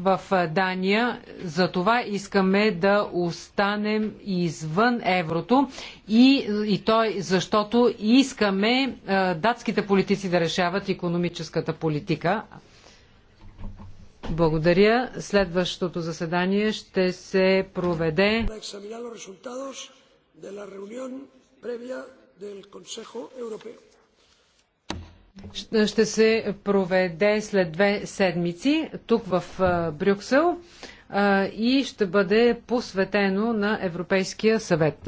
в Дания. За това искаме да останем извън еврото и, и той, е защото искаме а, датските политици да решават економическата политика. Благодаря. Следващото заседание ще се проведе ще се проведе след две седмици тук в Брюксел и ще бъде посветено на Европейския съвет.